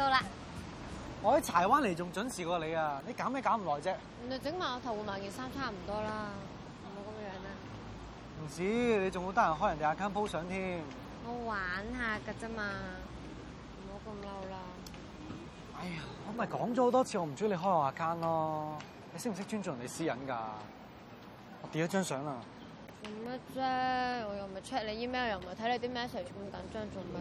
到啦！我喺柴灣嚟，仲準時過你啊！你搞咩搞唔耐啫？你整埋我頭，換埋件衫差唔多啦，唔好咁樣啦。唔止，你仲好得閒開人哋 account 鋪相添。我玩下噶啫嘛，唔好咁嬲啦。哎呀，我咪講咗好多次，我唔中意你開我 account 咯，你識唔識尊重人哋私隱噶？我跌咗張相啊！做乜啫？我又唔係 check 你 email，又唔係睇你啲 message，咁緊張，做咩？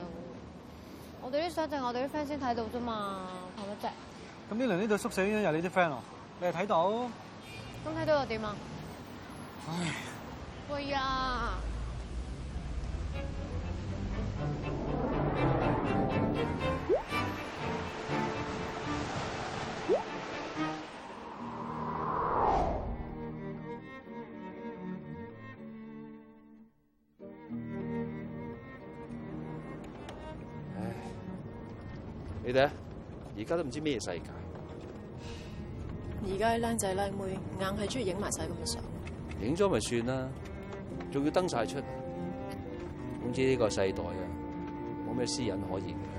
我哋啲相淨我哋啲 friend 先睇到啫嘛，怕乜啫？咁呢輪呢對宿舍有你啲 friend 囉，你係睇到？咁睇到又點啊？唉，哎啊。你睇，而家都唔知咩世界。而家啲僆仔僆妹硬係中意影埋晒咁嘅相，影咗咪算啦，仲要登晒出嚟。總之呢個世代啊，冇咩私隱可以可言。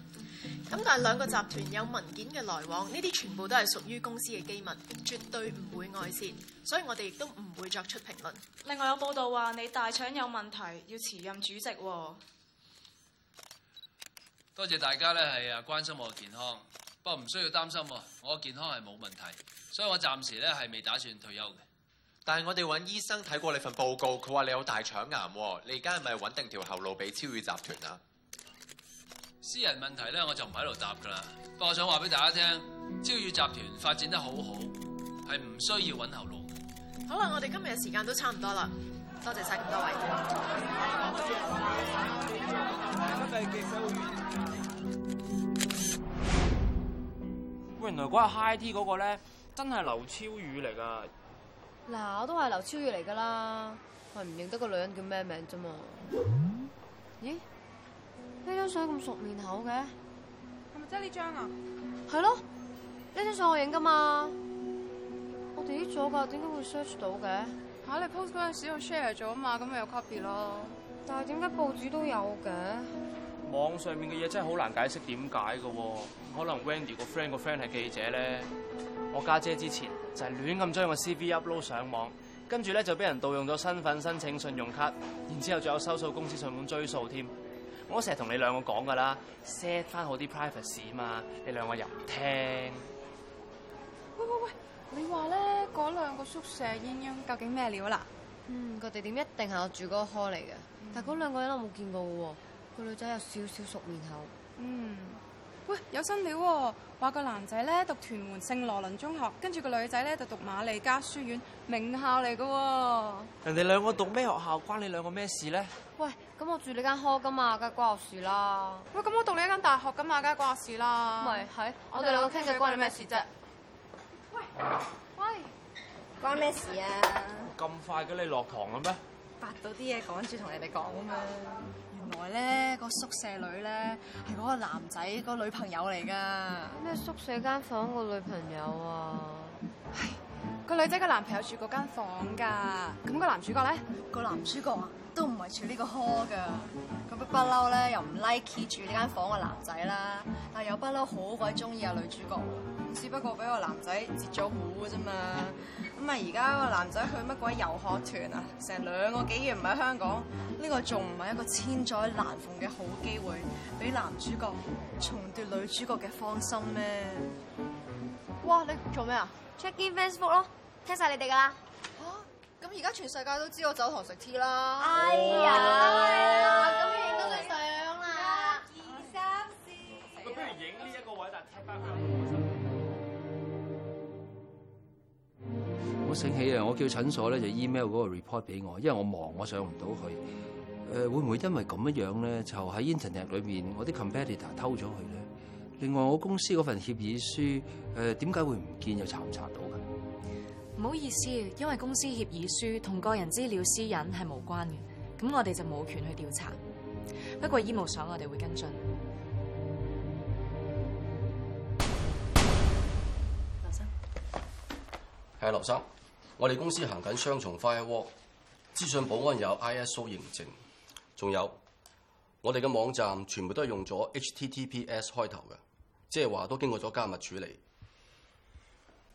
咁但係兩個集團有文件嘅來往，呢啲全部都係屬於公司嘅機密，絕對唔會外泄，所以我哋亦都唔會作出評論。另外有報道話你大腸有問題，要辭任主席喎。多謝大家呢係啊關心我嘅健康，不過唔需要擔心，我嘅健康係冇問題，所以我暫時呢係未打算退休嘅。但係我哋揾醫生睇過你份報告，佢話你有大腸癌，你而家係咪揾定條後路俾超越集團啊？私人問題咧，我就唔喺度答噶啦。不過我想話俾大家聽，超羽集團發展得好好，係唔需要揾後路。好啦，我哋今日嘅時間都差唔多啦，多謝晒咁多位。喂，原來嗰個 high tea 嗰個咧，真係劉超羽嚟噶。嗱，我都係劉超羽嚟噶啦，我唔認得個女人叫咩名啫嘛。咦、嗯？欸呢張相咁熟面口嘅，係咪即係呢張啊？係咯，呢張相我影噶嘛，我 delete 咗噶，點解會 search 到嘅？吓、啊，你 post 嗰陣時有 share 咗嘛？咁咪有 copy 咯。但係點解報紙都有嘅？網上面嘅嘢真係好難解釋點解噶，可能 Wendy 個 friend 個 friend 係記者咧。我家姐,姐之前就係亂咁將個 CV upload 上網，跟住咧就俾人盜用咗身份申請信用卡，然之後仲有收數公司上門追數添。我成日同你兩個講㗎啦，set 翻好啲 privacy 啊嘛，你兩個又唔聽。喂喂喂，你話咧嗰兩個宿舍鴛鴦究竟咩料啦？嗯，個地點一定係我住嗰個 Hall 嚟嘅，但係嗰兩個人我冇見過喎。個女仔有少少熟面口。嗯。喂，有新料喎！哦！話個男仔咧讀屯門聖羅倫中學，跟住個女仔咧就讀馬利加書院，名校嚟噶、哦。人哋兩個讀咩學校關你兩個咩事咧？喂，咁我住你間科噶嘛，梗係關我事啦。喂，咁是我讀你一間大學噶嘛，梗係關我事啦。咪係，我哋兩個傾偈關你咩事啫？喂喂，關咩事啊？咁快嘅你落堂啦咩？發到啲嘢趕住同你哋講啊嘛。原來咧個宿舍女咧係嗰個男仔個女朋友嚟噶，咩宿舍間房個女朋友啊？唉。個女仔嘅男朋友住嗰間房噶，咁、那個男主角咧，個男主角啊都唔係住呢個 hall 噶，咁佢不嬲咧又唔 like 住呢間房嘅男仔啦，但係又不嬲好鬼中意個女主角，只不過俾個男仔截咗胡啫嘛，咁啊而家個男仔去乜鬼遊學團啊，成兩個幾月唔喺香港，呢、這個仲唔係一個千載難逢嘅好機會，俾男主角重奪女主角嘅芳心咩？哇，你做咩啊？check in Facebook 咯，聽晒你哋噶啦。嚇，咁而家全世界都知我走堂食 tea 啦。哎呀，咁影到張相啦。二三四。不如影呢一個位，但係踢翻佢唔開心。我醒起啊，我叫診所咧就 email 嗰個 report 俾我，因為我忙，我上唔到去。誒，會唔會因為咁樣咧，就喺 internet 裏面，我啲 competitor 偷咗佢咧？另外，我公司嗰份協議書，誒點解會唔見又唔查。唔好意思，因為公司協議書同個人資料私隱係無關嘅，咁我哋就冇權去調查。不過醫務所我哋會跟進。劉生，係劉生，我哋公司行緊雙重 firewall，資訊保安有 ISO 認證，仲有我哋嘅網站全部都係用咗 HTTPS 開頭嘅，即係話都經過咗加密處理。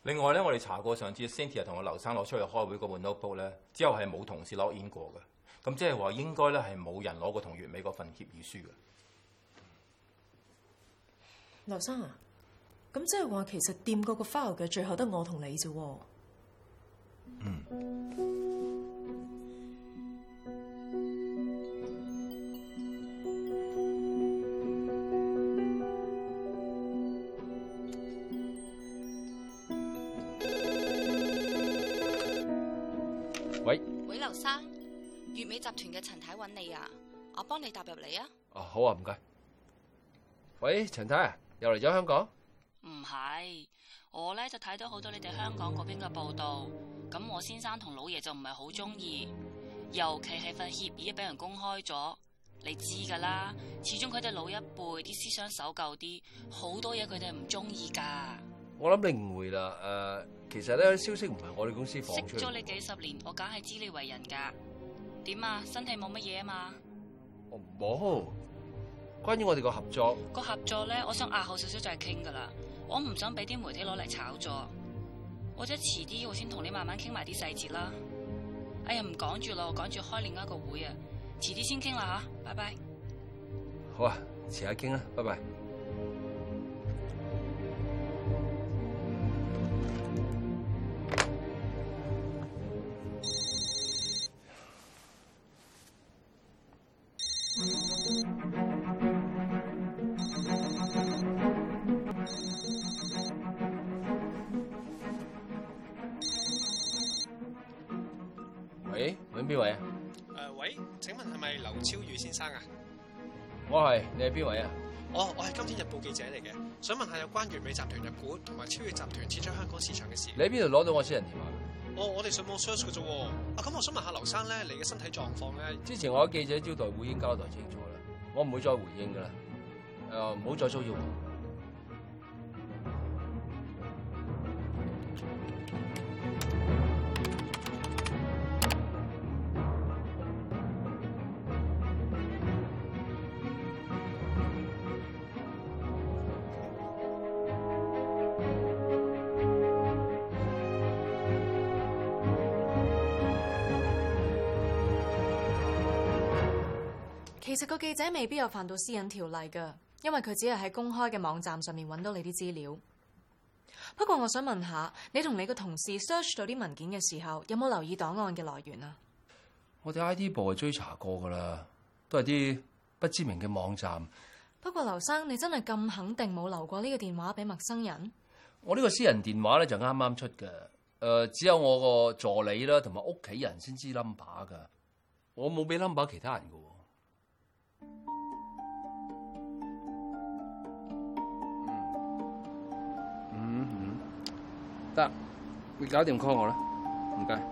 另外咧，我哋查過上次 Cynthia 同我劉生攞出嚟開會嗰本 notebook 咧，之後係冇同事攞 In 過嘅。咁即係話應該咧，係冇人攞過同月美嗰份協議書嘅。劉生啊，咁即係話其實掂過個 file 嘅最後得我同你啫喎。嗯。喂，喂，劉生，粵美集團嘅陳太揾你啊，我幫你搭入嚟啊。哦、啊，好啊，唔該。喂，陳太啊，又嚟咗香港？唔係，我咧就睇到好多你哋香港嗰邊嘅報道，咁我先生同老爺就唔係好中意，尤其係份協議俾人公開咗，你知噶啦。始終佢哋老一輩啲思想守舊啲，好多嘢佢哋唔中意噶。我諗你誤會啦，誒、呃。其實咧，消息唔係我哋公司放出。識咗你幾十年，我梗係知你為人噶。點啊？身體冇乜嘢啊嘛？我唔好。關於我哋個合作，個合作咧，我想押後少少再係傾噶啦。我唔想俾啲媒體攞嚟炒作。或者遲我即係遲啲，我先同你慢慢傾埋啲細節啦。哎呀，唔講住咯，我趕住開另一個會啊。遲啲先傾啦吓，拜拜。好啊，遲下傾啦，拜拜。我係，你係邊位啊？Oh, 我我係今天日報記者嚟嘅，想問下有關完美集團入股同埋超越集團撤出香港市場嘅事。你喺邊度攞到我私人電話？Oh, 我我哋上網 search 嘅啫。啊，咁我想問下劉生咧，你嘅身體狀況咧？之前我喺記者招待會已經交代清楚啦，我唔會再回應噶啦。誒、呃，唔好再騷擾我。其實個記者未必有犯到私隱條例噶，因為佢只係喺公開嘅網站上面揾到你啲資料。不過我想問下，你同你個同事 search 到啲文件嘅時候，有冇留意檔案嘅來源啊？我哋 I T 部係追查過噶啦，都係啲不知名嘅網站。不過劉生，你真係咁肯定冇留過呢個電話俾陌生人？我呢個私人電話咧就啱啱出嘅，誒、呃，只有我個助理啦同埋屋企人先知 number 噶，我冇俾 number 其他人噶得，你搞掂 call 我啦，唔該謝。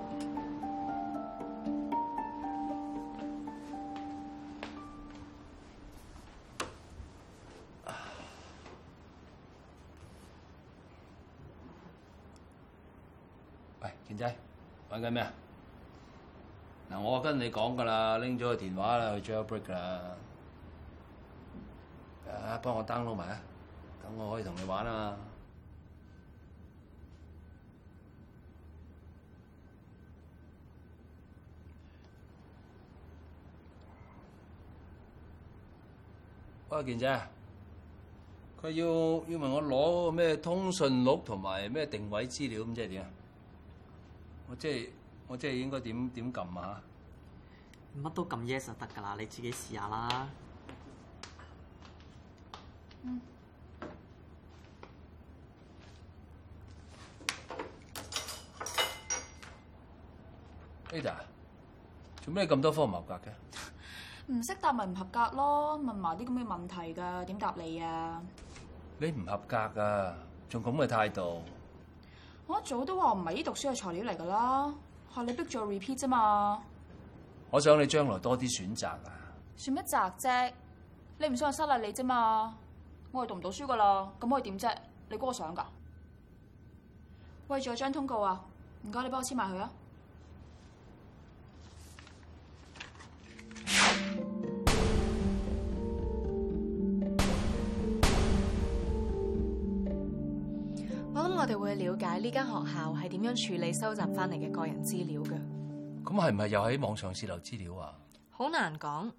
喂，健仔，玩緊咩啊？嗱，我跟你講噶啦，拎咗個電話啦，去 Jailbreak 啦，啊，幫我 download 埋啊，等我可以同你玩啊。阿、哦、健仔，佢要要問我攞咩通訊錄同埋咩定位資料咁，即係點啊？我即係我即係應該點點撳啊？乜都撳 yes 就得噶啦，你自己試下啦。嗯、Ada，做咩咁多科唔合格嘅？唔識答咪唔合格咯，問埋啲咁嘅問題噶點答你啊？你唔合格噶，仲咁嘅態度。我一早都話唔係呢讀書嘅材料嚟噶啦，係你逼咗我 repeat 啫嘛。我想你將來多啲選擇啊。選乜擇啫？你唔想我失禮你啫嘛？我係讀唔到書噶啦，咁可以點啫？你估我想噶？喂，仲有張通告啊，唔該你幫我黐埋佢啊。我哋會了解呢間學校係點樣處理收集翻嚟嘅個人資料嘅。咁係唔係又喺網上洩漏資料啊？好難講。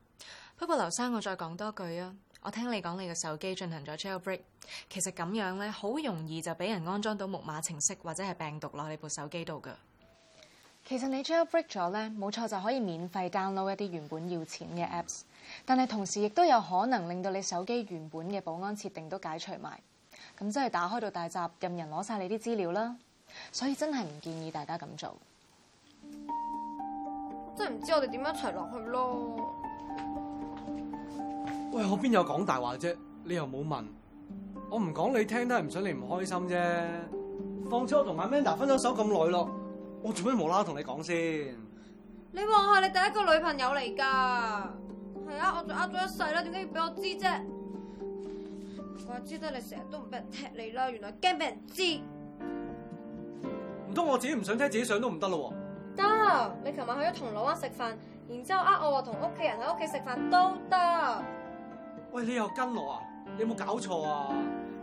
不過劉生，我再講多句啊。我聽你講你嘅手機進行咗 jailbreak，其實咁樣咧好容易就俾人安裝到木馬程式或者係病毒落你部手機度噶。其實你 jailbreak 咗咧，冇錯就可以免費 download 一啲原本要錢嘅 apps，但係同時亦都有可能令到你手機原本嘅保安設定都解除埋。咁真係打開到大閘，任人攞晒你啲資料啦！所以真係唔建議大家咁做。 真係唔知我哋點樣一齊落去咯？喂，我邊有講大話啫？你又冇問我唔講你聽都係唔想你唔開心啫。況且我同阿 Manda 分咗手咁耐咯，我做咩無啦啦同你講先？你話我係你第一個女朋友嚟㗎？係啊，我仲呃咗一世啦，點解要俾我知啫？我知得你成日都唔俾人踢你啦，原來驚俾人知。唔通我自己唔想車自己上都唔得咯？得，你琴晚去咗銅鑼灣食飯，然之後呃我話同屋企人喺屋企食飯都得。喂，你又跟我啊？你有冇搞錯啊？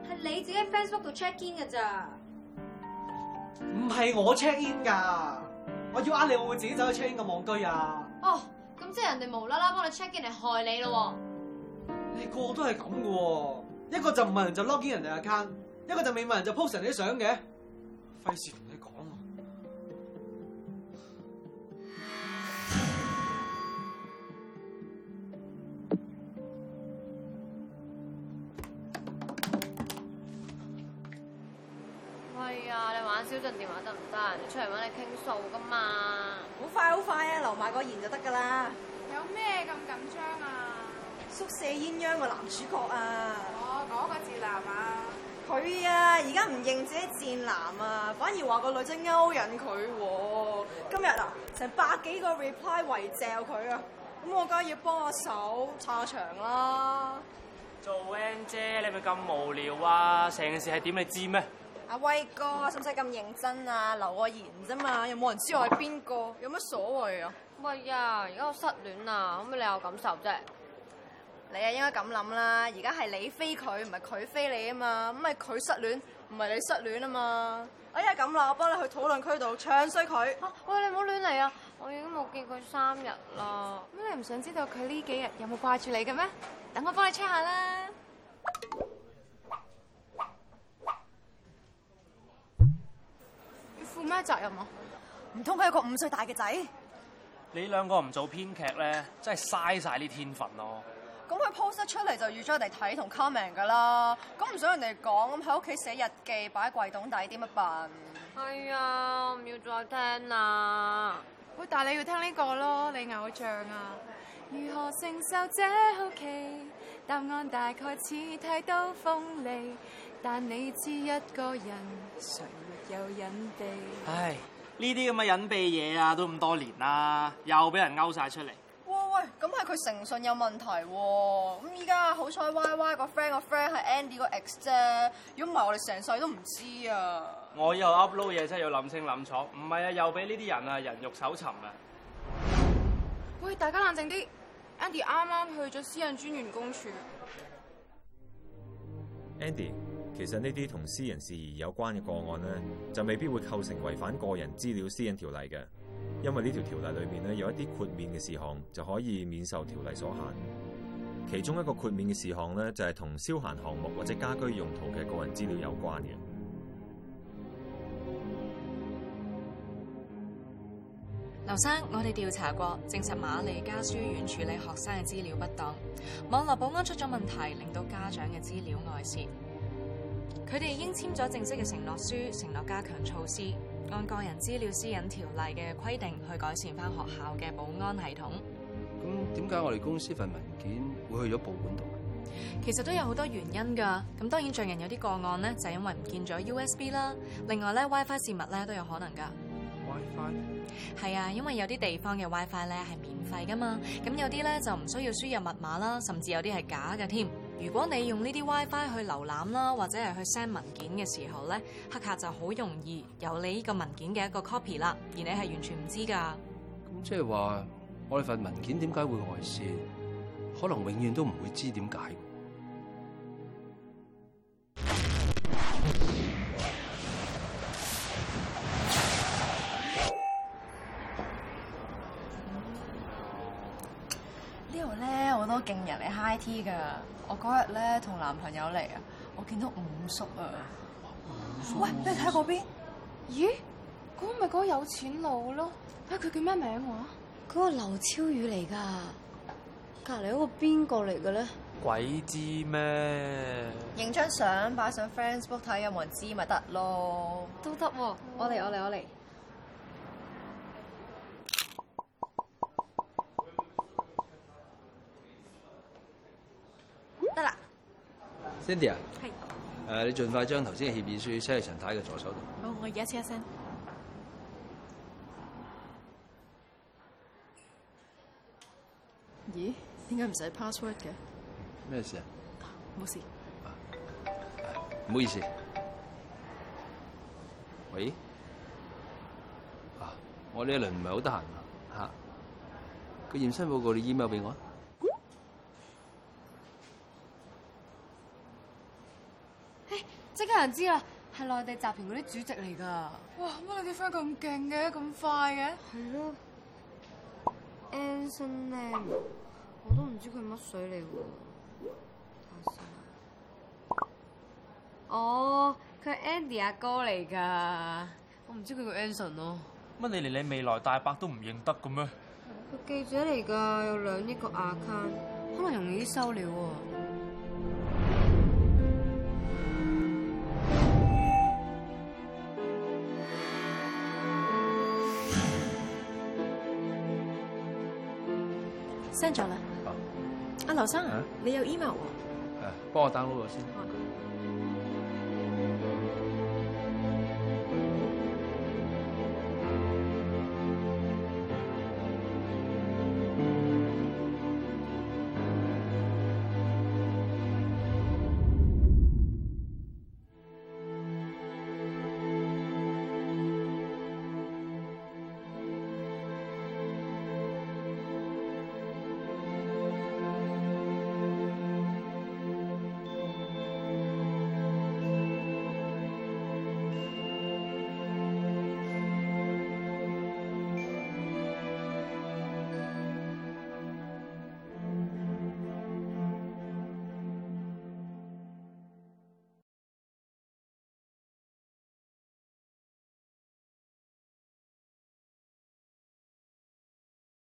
係你自己喺 Facebook 度 check in 噶咋？唔係我 check in 噶，我要呃你我會自己走去 check in 個網居啊？哦，咁即係人哋無啦啦幫你 check in 嚟害你咯？你個個都係咁噶？一個就唔問人，就 lock 堅人哋 account，一個就未問人就 po 成啲相嘅，費事同你講喎。喂啊， 你玩小盡電話得唔得？人出你出嚟揾你傾數噶嘛。好快好快啊，留埋個言就得噶啦。有咩咁緊張啊？宿舍鴛鴦嘅男主角啊！嗰個賤男啊！佢啊，而家唔認自己賤男啊，反而話個女仔勾引佢喎、啊。今日啊，成百幾個 reply 圍剿佢啊，咁我梗係要幫下手撐下場啦。做 a n 姐，你咪咁無聊啊！成件事係點你知咩？阿威哥，使唔使咁認真啊？留個言啫嘛，又冇人知我係邊個，有乜所謂啊？喂啊，而家我失戀啊，可唔可以理我感受啫？你啊，應該咁諗啦！而家係你飛佢，唔係佢飛你啊嘛，咁咪佢失戀，唔係你失戀啊嘛！哎呀、啊，家咁啦，我幫你去討論區度唱衰佢、啊。喂，你唔好亂嚟啊！我已經冇見佢三日啦。咁 你唔想知道佢呢幾日有冇掛住你嘅咩？等我幫你 check 下啦。 你負咩責任啊？唔通佢係一個五歲大嘅仔？ 你兩個唔做編劇咧，真係嘥晒啲天分咯！咁佢 post 出嚟就預咗嚟睇同 comment 噶啦，咁唔想人哋講，咁喺屋企寫日記擺喺櫃桶底點乜辦？係啊、哎，唔要再聽啦。喂，但你要聽呢個咯，你偶像啊。如何承受這好奇？答案大概似剃刀鋒利，但你知一個人，誰沒有隱秘？唉，呢啲咁嘅隱秘嘢啊，都咁多年啦，又俾人勾晒出嚟。喂，咁係佢誠信有問題喎，啊，咁依家好彩 YY 個 friend 個 friend 係 Andy 個 ex 啫，如果唔係我哋成世都唔知啊！我以後 upload 嘢真係要諗清諗楚，唔係啊又俾呢啲人啊人肉搜尋啊！喂，大家冷靜啲，Andy 啱啱去咗私人專員公署。Andy，其實呢啲同私人事宜有關嘅個案咧，就未必會構成違反個人資料私隱條例嘅。因為呢條條例裏面咧有一啲豁免嘅事項，就可以免受條例所限。其中一個豁免嘅事項呢，就係同消閒項目或者家居用途嘅個人資料有關嘅。劉生，我哋調查過，證實馬利家書院處理學生嘅資料不當，網絡保安出咗問題，令到家長嘅資料外洩。佢哋已經簽咗正式嘅承諾書，承諾加強措施。按個人資料私隱條例嘅規定去改善翻學校嘅保安系統。咁點解我哋公司份文件會去咗報館度？其實都有好多原因噶。咁當然，最近有啲個案咧，就因為唔見咗 U S B 啦。另外咧，WiFi 洩密咧，都有可能噶。WiFi 係啊，因為有啲地方嘅 WiFi 咧係免費噶嘛。咁有啲咧就唔需要輸入密碼啦，甚至有啲係假嘅添。如果你用呢啲 WiFi 去瀏覽啦，或者係去 send 文件嘅時候咧，黑客就好容易有你呢個文件嘅一個 copy 啦，而你係完全唔知噶。咁即係話，我份文件點解會外洩？可能永遠都唔會知點解。呢度咧，好多勁人嚟 high tea 㗎，我嗰日咧，同男朋友嚟啊，我見到五叔啊、五叔、啊，喂，你睇下嗰邊，咦，嗰咪嗰有錢佬咯，唉，佢叫咩名話？嗰個劉超羽嚟㗎，隔離嗰個邊個嚟嘅咧？鬼知咩？影張相擺上 Facebook 睇有冇人知咪得咯？都得喎、啊，我嚟我嚟我嚟。我 Cindy 啊，係 Cynthia, 是，誒、uh, 你盡快將頭先嘅協議書塞喺陳太嘅左手度。好，我而家先一聲。咦，點解唔使 password 嘅？咩事啊？冇事，唔好意思。喂，啊，我呢輪唔係好得閒啊，嚇，個驗身報告你 email 俾我。唔知啊，係內地集團嗰啲主席嚟㗎。哇，乜你啲 friend 咁勁嘅，咁快嘅？係咯了。Anson，我都唔知佢乜水嚟喎。哦，佢係 Andy 阿哥嚟㗎，我唔知佢叫 Anson 咯。乜你連你未來大伯都唔認得噉咩？個記者嚟㗎，有兩億個 account，可能容易啲收料喎。站長啊，啊，劉生啊，你有 email 喎，啊，誒、啊，幫我 download 咗先。的